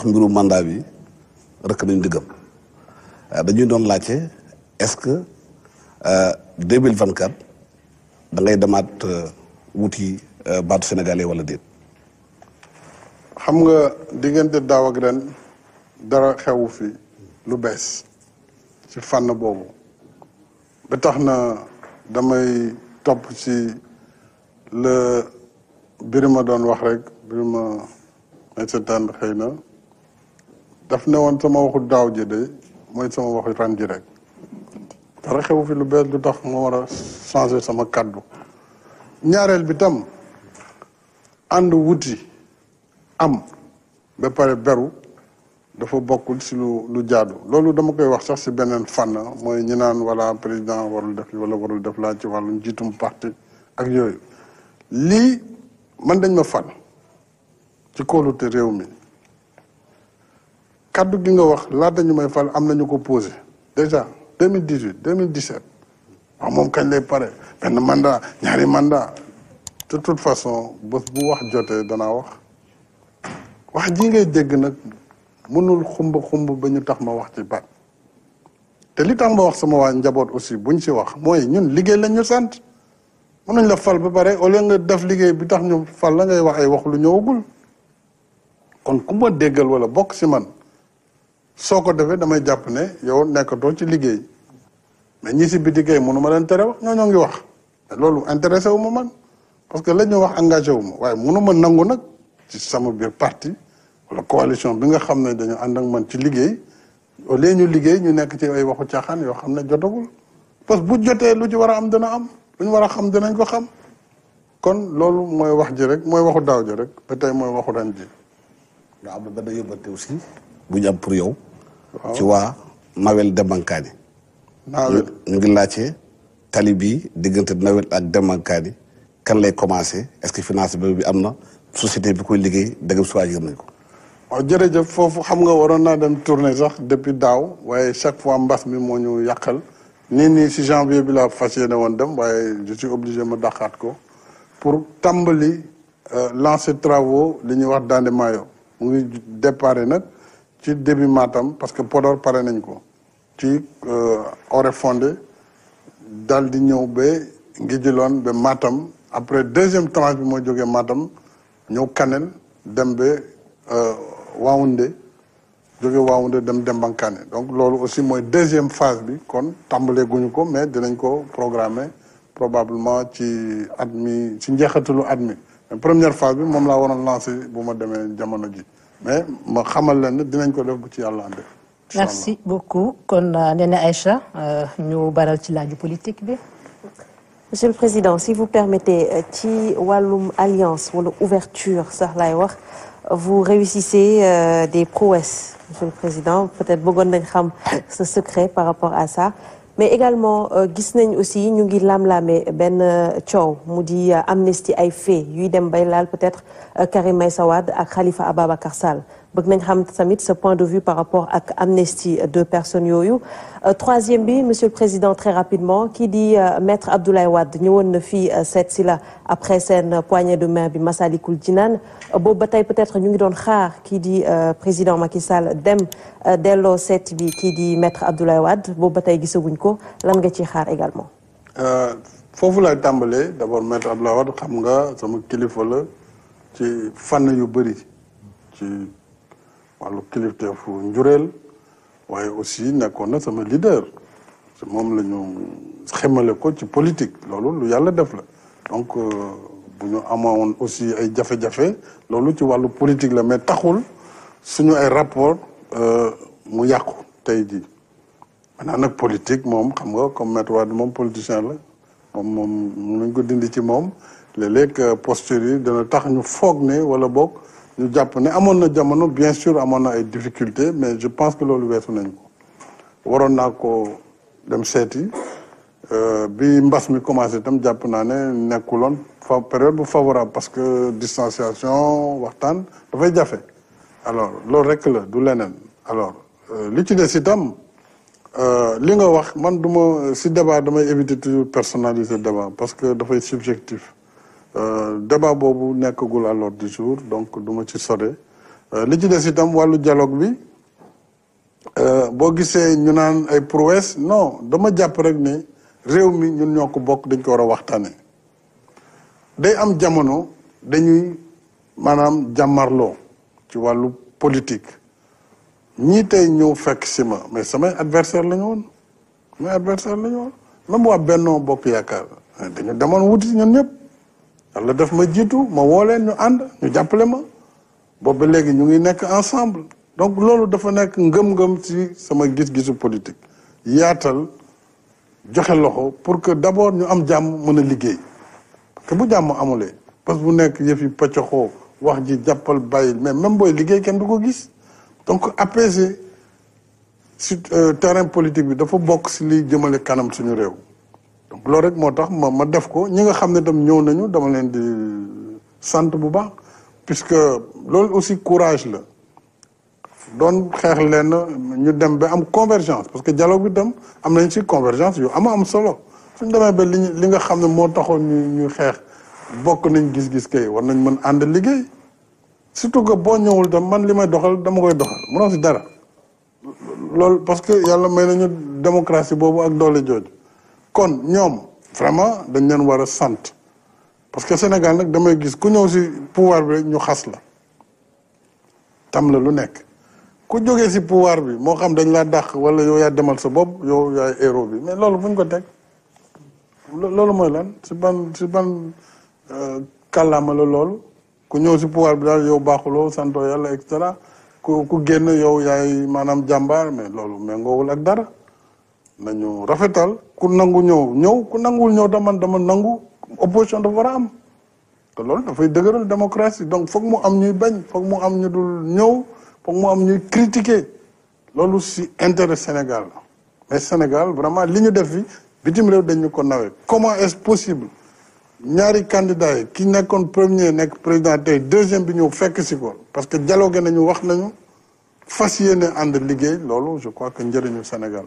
wax mbiru mandat bi rëkk nañu diggam euh, dañuy doon laajte est-ce que euh, deux mille vingt quatre da demaat euh, wuti baatu sénégalais wala déet. xam nga diggante daaw ak ren dara xewu fi lu bees ci fànn boobu ba tax na damay topp si la Birima doon wax rek Birima may seetaan xëy na. daf ne woon sama waxu daaw ji de mooy sama waxu ren ji rek dara xew fi lu bees lu tax ma war a changer sama kàddu ñaareel bi tam ànd wuti am ba pare beru dafa bokkul si lu lu jaadu loolu dama koy wax sax si beneen fànn mooy ñi naan wala président warul def wala warul def laa ci wàllu njiitum parti ak yooyu lii man dañ ma fànn ci kóolute réew mi kaddu gi nga wax laata ñu may fal am nañu ko posé déjà 2018 2017 waaw moom kañ lay pare benn mandat ñaari mandat de toute façon bés bu wax jotee danaa wax wax ji ngay dégg nag mënul xumba xumb ba ñu tax ma wax ci baat te li tax ma wax sama waa njaboot aussi buñ si wax mooy ñun liggéey lañ ñu sant mën nañ la fal ba pare au lieu nga def liggéey bi tax ñu fal la ngay wax ay wax lu ñëwagul kon ku ma déggal wala bokk si man soo ko defee damay jàpp ne yow nekkatoo ci liggéey mais ñi si biti kay mënu ma leen tere wax ñoo ñoo ngi wax loolu intéressé wu ma man parce que la wax engagé wu ma waaye mënu ma nangu nag ci sama biir parti wala coalition bi nga xam ne dañu ànd ak man ci liggéey au lieu ñu liggéey ñu nekk ci ay waxu caaxaan yoo xam ne jotagul parce que bu jotee lu ci war a am dina am lu ñu war a xam danañ ko xam kon loolu mooy wax ji rek mooy waxu daaw ji rek ba tey mooy waxu ren ji. nga am na benn yóbbante aussi bu ñu am pour yow. ci waa Mawel Dembankaani ñu ngi laajte tali bi diggante Mawel ak Dembankaani kan lay commencé est-ce que finance bi am na société bi koy liggéey dëggam si waaj nañ ko waaw jërëjëf foofu xam nga waroon naa dem tournée sax depuis daaw waaye chaque fois mbas mi moo ñu yàqal nii nii si janvier bi la fas yéene woon dem waaye je suis obligé ma dàqaat ko pour tàmbali euh, lancer travaux li ñuy wax Dandé Mayo mu ngi déparé nag ci début maatam parce que Podor pare nañ ko ci euh, Oréfondé dal di ñëw ba Nguidjilone ba Matam après deuxième tranche bi mooy jógee Matam ñëw Kanel dem ba euh, Waoundé jóge wawunde dem Dembankané donc loolu aussi mooy deuxième phase bi kon tàmbalee guñu ko mais dinañ ko programme probablement ci at mi ci njeexatalu at mi première phase bi moom laa waroon lancé bu ma demee jamono ji mais ma xamal leen ne dinañ ko def bu ci yàlla àndee. merci beaucoup kon euh, Néné Aïcha euh, ñu baral ci laaju politique bi. monsieur le président si vous permettez euh, ci wàllum alliance wala ouverture sax laay wax vous réussissez euh, des prouesses monsieur le président peut-être bëggoon nañ xam ce secret par rapport à ça. mais également euh, gis nañ aussi ñu ngi lam-laame benn euh, coow mu di euh, amnistie ay faits yuy dem bay laal peut-être Karim Meïssa Wade ak Khalifa Ababacar Sall bëgg nañ xam tamit ce point de vue par rapport ak amnistie de personnes yooyu euh, troisième bi monsieur le président très rapidement kii di euh, maître Abdoulaye Wade ñëwoon na fii euh, seet si la après seen poignée de main bi Massalikul Jinaan boobu ba tey peut-être ñu ngi doon xaar kii di président Macky Sall dem delloo seet bi kii di maître Abdoulaye Wade boobu ba tey gisaguñ ko lan nga ciy xaar également foofu lay tàmbalee d'abord maître Abdoulaye Wade xam nga sama kilifa la ci fànn yu bëri ci wàllu kilifteefu njureel waaye aussi nekkoon na sama leader te moom la ñu xemale ko ci politique loolu lu yàlla def la donc euh, bu ñu amoon aussi ay jafe-jafe loolu ci wàllu politique la mais taxul suñu ay rapport euh, mu yàqu tey jii maanaam nag politique moom xam nga comme maître Wade moom politicien la moom moom luñ ko dindi ci moom léeg-léeg euh, postures yi dana tax ñu foog ne wala boog ñu jàpp ne amoon na jamono bien sur amoon na ay difficultés mais je pense que loolu weesu nañ waroon naa ko dem seeti euh, bi mbas mi commencé itam jàpp naa ne nekkuloon fa période bu favorable parce que distanciation waxtaan dafay jafe alors loolu rek la du leneen alors euh, li ci des itam euh, li nga wax man du ma si débat damay éviter toujours personnaliser débat parce que dafay subjectif Euh, débat boobu nekkagul à l'ordre du jour donc duma ci sore euh, li ci des itam wàllu dialogue bi euh, boo gisee ñu naan ay prouesse non dama jàpp rek ne réew mi ñun ñoo ko bokk dañ ko war a waxtaane day am jamono dañuy maanaam jàmmarloo ci wàllu politique ñii tey ñëw fekk si ma mais samay adversaire la ñu woon samay adversaire la ñu woon même waa Benno Bokk Yaakaar dañu demoon wuti ñun ñëpp yàlla daf ma jiitu ma woo leen ñu ànd ñu jàppale ma boobu ba léegi ñu ngi nekk ensemble donc loolu dafa nekk ngëm-ngëm si sama gis-gisu politique yaatal joxe loxo pour que d'abord ñu am jàmm mën a liggéey parce bu jàmm amulee parce que bu nekk yëf yi paccaxoo wax ji jàppal bàyyil mais même booy liggéey kenn du ko gis donc apaiser si euh, terrain politique bi dafa bokk si liy jëmale kanam suñu réew donc loolu rek moo tax ma ma def ko ñi nga xam ne tam ñëw nañu dama leen di sant bu baax que loolu aussi courage la doon xeex leen ñu dem ba am convergence parce que dialogue bi tam am nañ si convergence yu ama am solo suñ demee ba li nga xam ne moo taxoon ñu ñu xeex bokk nañ gis-gis kay war nañ mën ànd liggéey surtout que boo ñëwul tam man li may doxal dama koy doxal mënoo si dara loolu parce que yàlla may nañu démocratie boobu ak doole jooju kon ñoom vraiment dañ leen war a sant parce que Sénégal nag damay gis ku ñëw si pouvoir bi ñu xas la tam la lu nekk ku jógee si pouvoir bi moo xam dañ laa dàq wala yow yaa demal sa bopp yow yaay héros bi mais loolu fu ñu ko teg loolu mooy lan si ban si ban euh, kàllaama la loolu ku ñëw si pouvoir bi daal yow baaxuloo santoo yàlla et cetera ku génn yow yaay maanaam jàmbaar mais loolu méngoowul ak dara nañu rafetal ku nangu ñëw ñëw ku nanguwul ñëw dama dama nangu opposition de war a am te loolu dafay dëgëral démocratie donc foog mu am ñuy bañ foog mu am ñu dul ñëw foog mu am ñu critiquer loolu si intérêt Sénégal mais Sénégal vraiment li ñu def fi bitim réew dañ ñu ko nawee comment est-ce possible ñaari candidat yi ki nekkoon premier nekk président tey deuxième bi ñëw fekk si ko parce que dialogue nañu wax nañu fas yéene ànd liggéey loolu je crois que njëriñu Sénégal